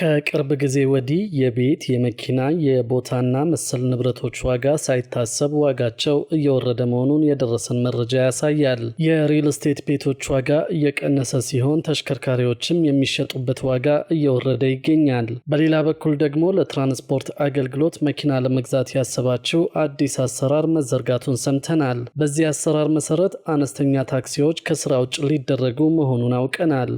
ከቅርብ ጊዜ ወዲህ የቤት፣ የመኪና፣ የቦታና መሰል ንብረቶች ዋጋ ሳይታሰብ ዋጋቸው እየወረደ መሆኑን የደረሰን መረጃ ያሳያል። የሪል ስቴት ቤቶች ዋጋ እየቀነሰ ሲሆን፣ ተሽከርካሪዎችም የሚሸጡበት ዋጋ እየወረደ ይገኛል። በሌላ በኩል ደግሞ ለትራንስፖርት አገልግሎት መኪና ለመግዛት ያሰባችው አዲስ አሰራር መዘርጋቱን ሰምተናል። በዚህ አሰራር መሰረት አነስተኛ ታክሲዎች ከስራ ውጭ ሊደረጉ መሆኑን አውቀናል።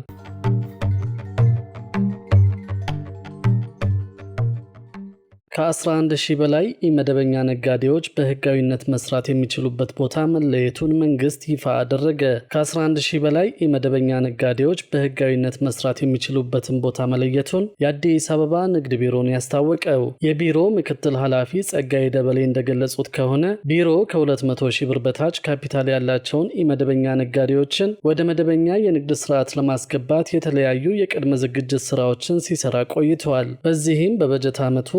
ከ11 ሺህ በላይ የመደበኛ ነጋዴዎች በህጋዊነት መስራት የሚችሉበት ቦታ መለየቱን መንግስት ይፋ አደረገ። ከ11 ሺህ በላይ የመደበኛ ነጋዴዎች በህጋዊነት መስራት የሚችሉበትን ቦታ መለየቱን የአዲስ አበባ ንግድ ቢሮን ያስታወቀው። የቢሮ ምክትል ኃላፊ ጸጋይ ደበሌ እንደገለጹት ከሆነ ቢሮ ከ200 ሺህ ብር በታች ካፒታል ያላቸውን የመደበኛ ነጋዴዎችን ወደ መደበኛ የንግድ ስርዓት ለማስገባት የተለያዩ የቅድመ ዝግጅት ስራዎችን ሲሰራ ቆይተዋል። በዚህም በበጀት ዓመቱ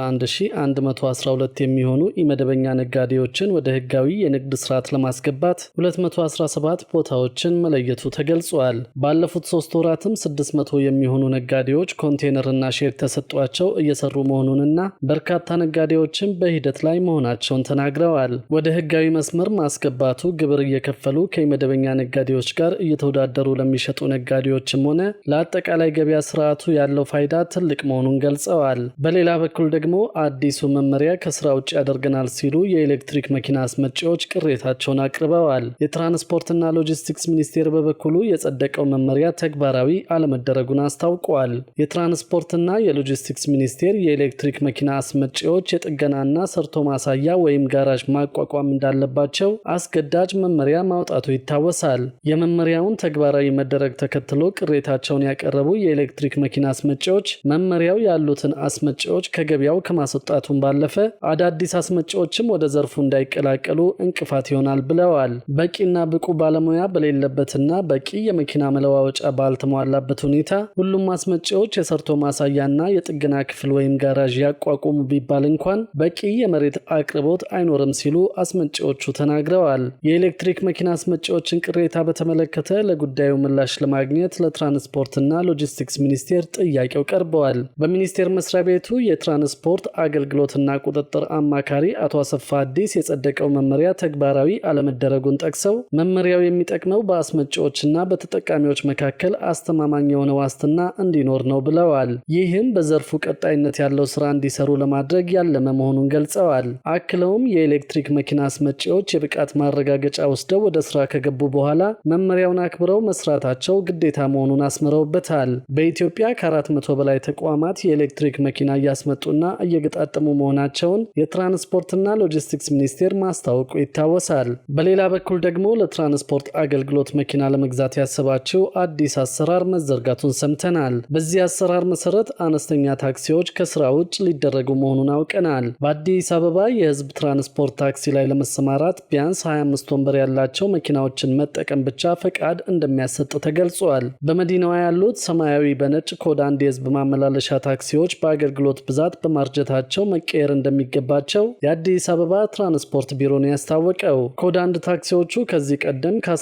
11112 የሚሆኑ ኢመደበኛ ነጋዴዎችን ወደ ህጋዊ የንግድ ስርዓት ለማስገባት 217 ቦታዎችን መለየቱ ተገልጿል። ባለፉት ሶስት ወራትም 600 የሚሆኑ ነጋዴዎች ኮንቴነርና ሼድ ተሰጧቸው እየሰሩ መሆኑንና በርካታ ነጋዴዎችም በሂደት ላይ መሆናቸውን ተናግረዋል። ወደ ህጋዊ መስመር ማስገባቱ ግብር እየከፈሉ ከኢመደበኛ ነጋዴዎች ጋር እየተወዳደሩ ለሚሸጡ ነጋዴዎችም ሆነ ለአጠቃላይ ገበያ ስርዓቱ ያለው ፋይዳ ትልቅ መሆኑን ገልጸዋል። በሌላ በኩል ደግሞ ደግሞ አዲሱ መመሪያ ከስራ ውጭ ያደርገናል ሲሉ የኤሌክትሪክ መኪና አስመጪዎች ቅሬታቸውን አቅርበዋል። የትራንስፖርትና ሎጂስቲክስ ሚኒስቴር በበኩሉ የጸደቀው መመሪያ ተግባራዊ አለመደረጉን አስታውቋል። የትራንስፖርትና የሎጂስቲክስ ሚኒስቴር የኤሌክትሪክ መኪና አስመጪዎች የጥገናና ሰርቶ ማሳያ ወይም ጋራዥ ማቋቋም እንዳለባቸው አስገዳጅ መመሪያ ማውጣቱ ይታወሳል። የመመሪያውን ተግባራዊ መደረግ ተከትሎ ቅሬታቸውን ያቀረቡ የኤሌክትሪክ መኪና አስመጪዎች መመሪያው ያሉትን አስመጪዎች ከገበያው ገበያው ከማስወጣቱን ባለፈ አዳዲስ አስመጪዎችም ወደ ዘርፉ እንዳይቀላቀሉ እንቅፋት ይሆናል ብለዋል። በቂና ብቁ ባለሙያ በሌለበትና በቂ የመኪና መለዋወጫ ባልተሟላበት ሁኔታ ሁሉም አስመጪዎች የሰርቶ ማሳያና የጥገና ክፍል ወይም ጋራዥ ያቋቁሙ ቢባል እንኳን በቂ የመሬት አቅርቦት አይኖርም ሲሉ አስመጪዎቹ ተናግረዋል። የኤሌክትሪክ መኪና አስመጪዎችን ቅሬታ በተመለከተ ለጉዳዩ ምላሽ ለማግኘት ለትራንስፖርትና ሎጂስቲክስ ሚኒስቴር ጥያቄው ቀርበዋል። በሚኒስቴር መስሪያ ቤቱ የትራንስፖርት የትራንስፖርት አገልግሎትና ቁጥጥር አማካሪ አቶ አሰፋ አዲስ የጸደቀው መመሪያ ተግባራዊ አለመደረጉን ጠቅሰው መመሪያው የሚጠቅመው በአስመጪዎችና በተጠቃሚዎች መካከል አስተማማኝ የሆነ ዋስትና እንዲኖር ነው ብለዋል። ይህም በዘርፉ ቀጣይነት ያለው ስራ እንዲሰሩ ለማድረግ ያለመ መሆኑን ገልጸዋል። አክለውም የኤሌክትሪክ መኪና አስመጪዎች የብቃት ማረጋገጫ ወስደው ወደ ስራ ከገቡ በኋላ መመሪያውን አክብረው መስራታቸው ግዴታ መሆኑን አስምረውበታል። በኢትዮጵያ ከአራት መቶ በላይ ተቋማት የኤሌክትሪክ መኪና እያስመጡና እየገጣጠሙ መሆናቸውን የትራንስፖርትና ሎጂስቲክስ ሚኒስቴር ማስታወቁ ይታወሳል። በሌላ በኩል ደግሞ ለትራንስፖርት አገልግሎት መኪና ለመግዛት ያሰባችው አዲስ አሰራር መዘርጋቱን ሰምተናል። በዚህ አሰራር መሰረት አነስተኛ ታክሲዎች ከስራ ውጭ ሊደረጉ መሆኑን አውቀናል። በአዲስ አበባ የህዝብ ትራንስፖርት ታክሲ ላይ ለመሰማራት ቢያንስ 25 ወንበር ያላቸው መኪናዎችን መጠቀም ብቻ ፈቃድ እንደሚያሰጥ ተገልጿል። በመዲናዋ ያሉት ሰማያዊ በነጭ ኮድ አንድ የህዝብ ማመላለሻ ታክሲዎች በአገልግሎት ብዛት በማ ማርጀታቸው መቀየር እንደሚገባቸው የአዲስ አበባ ትራንስፖርት ቢሮ ነው ያስታወቀው። ኮድ አንድ ታክሲዎቹ ከዚህ ቀደም ከ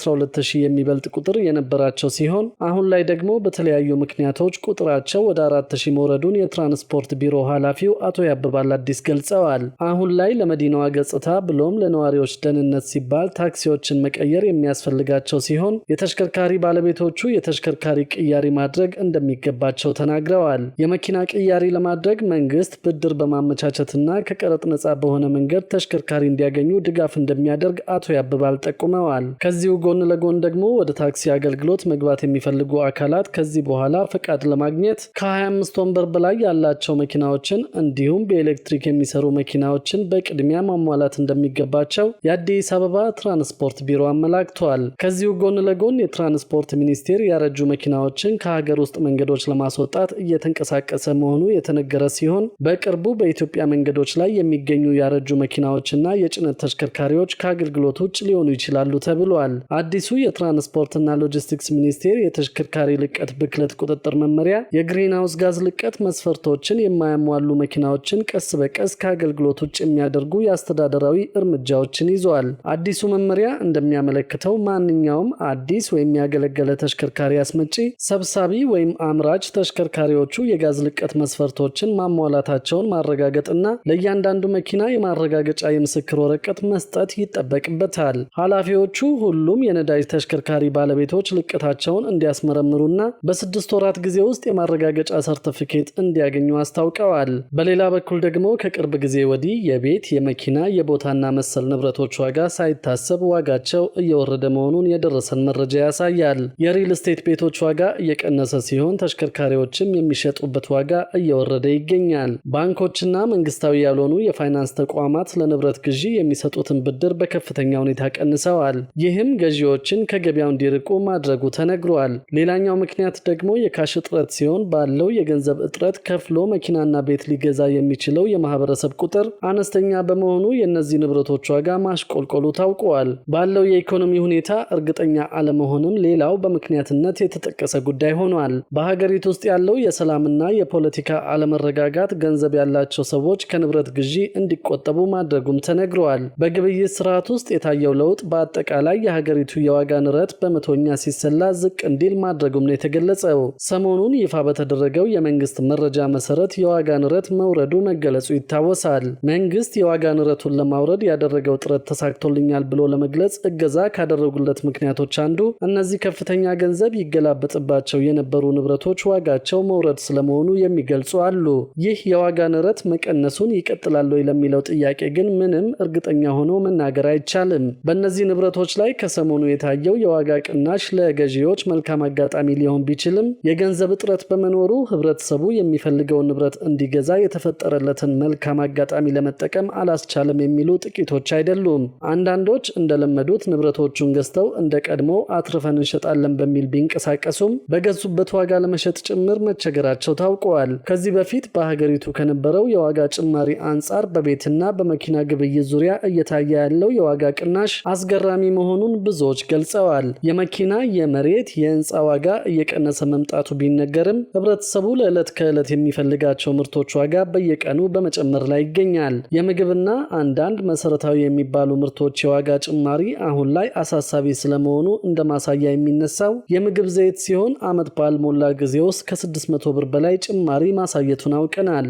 ሺህ የሚበልጥ ቁጥር የነበራቸው ሲሆን አሁን ላይ ደግሞ በተለያዩ ምክንያቶች ቁጥራቸው ወደ 4000 መውረዱን የትራንስፖርት ቢሮ ኃላፊው አቶ ያበባል አዲስ ገልጸዋል። አሁን ላይ ለመዲናዋ ገጽታ ብሎም ለነዋሪዎች ደህንነት ሲባል ታክሲዎችን መቀየር የሚያስፈልጋቸው ሲሆን የተሽከርካሪ ባለቤቶቹ የተሽከርካሪ ቅያሪ ማድረግ እንደሚገባቸው ተናግረዋል። የመኪና ቅያሪ ለማድረግ መንግስት ብድር በማመቻቸትና ከቀረጥ ነጻ በሆነ መንገድ ተሽከርካሪ እንዲያገኙ ድጋፍ እንደሚያደርግ አቶ ያብባል ጠቁመዋል። ከዚሁ ጎን ለጎን ደግሞ ወደ ታክሲ አገልግሎት መግባት የሚፈልጉ አካላት ከዚህ በኋላ ፈቃድ ለማግኘት ከ25 ወንበር በላይ ያላቸው መኪናዎችን እንዲሁም በኤሌክትሪክ የሚሰሩ መኪናዎችን በቅድሚያ ማሟላት እንደሚገባቸው የአዲስ አበባ ትራንስፖርት ቢሮ አመላክቷል። ከዚሁ ጎን ለጎን የትራንስፖርት ሚኒስቴር ያረጁ መኪናዎችን ከሀገር ውስጥ መንገዶች ለማስወጣት እየተንቀሳቀሰ መሆኑ የተነገረ ሲሆን በቅ በቅርቡ በኢትዮጵያ መንገዶች ላይ የሚገኙ ያረጁ መኪናዎችና የጭነት ተሽከርካሪዎች ከአገልግሎት ውጭ ሊሆኑ ይችላሉ ተብሏል። አዲሱ የትራንስፖርትና ሎጂስቲክስ ሚኒስቴር የተሽከርካሪ ልቀት ብክለት ቁጥጥር መመሪያ የግሪንሃውስ ጋዝ ልቀት መስፈርቶችን የማያሟሉ መኪናዎችን ቀስ በቀስ ከአገልግሎት ውጭ የሚያደርጉ የአስተዳደራዊ እርምጃዎችን ይዟል። አዲሱ መመሪያ እንደሚያመለክተው ማንኛውም አዲስ ወይም ያገለገለ ተሽከርካሪ አስመጪ፣ ሰብሳቢ ወይም አምራች ተሽከርካሪዎቹ የጋዝ ልቀት መስፈርቶችን ማሟላታቸው መሆናቸውን ማረጋገጥና ለእያንዳንዱ መኪና የማረጋገጫ የምስክር ወረቀት መስጠት ይጠበቅበታል። ኃላፊዎቹ ሁሉም የነዳጅ ተሽከርካሪ ባለቤቶች ልቀታቸውን እንዲያስመረምሩና በስድስት ወራት ጊዜ ውስጥ የማረጋገጫ ሰርተፊኬት እንዲያገኙ አስታውቀዋል። በሌላ በኩል ደግሞ ከቅርብ ጊዜ ወዲህ የቤት የመኪና የቦታና መሰል ንብረቶች ዋጋ ሳይታሰብ ዋጋቸው እየወረደ መሆኑን የደረሰን መረጃ ያሳያል። የሪል ስቴት ቤቶች ዋጋ እየቀነሰ ሲሆን ተሽከርካሪዎችም የሚሸጡበት ዋጋ እየወረደ ይገኛል። ባንኮችና መንግስታዊ ያልሆኑ የፋይናንስ ተቋማት ለንብረት ግዢ የሚሰጡትን ብድር በከፍተኛ ሁኔታ ቀንሰዋል። ይህም ገዢዎችን ከገበያው እንዲርቁ ማድረጉ ተነግሯል። ሌላኛው ምክንያት ደግሞ የካሽ እጥረት ሲሆን ባለው የገንዘብ እጥረት ከፍሎ መኪናና ቤት ሊገዛ የሚችለው የማህበረሰብ ቁጥር አነስተኛ በመሆኑ የእነዚህ ንብረቶች ዋጋ ማሽቆልቆሉ ታውቋል። ባለው የኢኮኖሚ ሁኔታ እርግጠኛ አለመሆንም ሌላው በምክንያትነት የተጠቀሰ ጉዳይ ሆኗል። በሀገሪቱ ውስጥ ያለው የሰላምና የፖለቲካ አለመረጋጋት ገንዘብ ገንዘብ ያላቸው ሰዎች ከንብረት ግዢ እንዲቆጠቡ ማድረጉም ተነግረዋል። በግብይት ስርዓት ውስጥ የታየው ለውጥ በአጠቃላይ የሀገሪቱ የዋጋ ንረት በመቶኛ ሲሰላ ዝቅ እንዲል ማድረጉም ነው የተገለጸው። ሰሞኑን ይፋ በተደረገው የመንግስት መረጃ መሰረት የዋጋ ንረት መውረዱ መገለጹ ይታወሳል። መንግስት የዋጋ ንረቱን ለማውረድ ያደረገው ጥረት ተሳክቶልኛል ብሎ ለመግለጽ እገዛ ካደረጉለት ምክንያቶች አንዱ እነዚህ ከፍተኛ ገንዘብ ይገላበጥባቸው የነበሩ ንብረቶች ዋጋቸው መውረድ ስለመሆኑ የሚገልጹ አሉ። ይህ የዋ የዋጋ ንረት መቀነሱን ይቀጥላሉ ለሚለው ጥያቄ ግን ምንም እርግጠኛ ሆኖ መናገር አይቻልም። በእነዚህ ንብረቶች ላይ ከሰሞኑ የታየው የዋጋ ቅናሽ ለገዢዎች መልካም አጋጣሚ ሊሆን ቢችልም የገንዘብ እጥረት በመኖሩ ህብረተሰቡ የሚፈልገውን ንብረት እንዲገዛ የተፈጠረለትን መልካም አጋጣሚ ለመጠቀም አላስቻለም የሚሉ ጥቂቶች አይደሉም። አንዳንዶች እንደለመዱት ንብረቶቹን ገዝተው እንደ ቀድሞ አትርፈን እንሸጣለን በሚል ቢንቀሳቀሱም በገዙበት ዋጋ ለመሸጥ ጭምር መቸገራቸው ታውቀዋል። ከዚህ በፊት በሀገሪቱ ከነበረው የዋጋ ጭማሪ አንጻር በቤትና በመኪና ግብይት ዙሪያ እየታየ ያለው የዋጋ ቅናሽ አስገራሚ መሆኑን ብዙዎች ገልጸዋል። የመኪና፣ የመሬት፣ የህንፃ ዋጋ እየቀነሰ መምጣቱ ቢነገርም ህብረተሰቡ ለዕለት ከዕለት የሚፈልጋቸው ምርቶች ዋጋ በየቀኑ በመጨመር ላይ ይገኛል። የምግብና አንዳንድ መሰረታዊ የሚባሉ ምርቶች የዋጋ ጭማሪ አሁን ላይ አሳሳቢ ስለመሆኑ እንደ ማሳያ የሚነሳው የምግብ ዘይት ሲሆን ዓመት ባልሞላ ጊዜ ውስጥ ከ600 ብር በላይ ጭማሪ ማሳየቱን አውቀናል።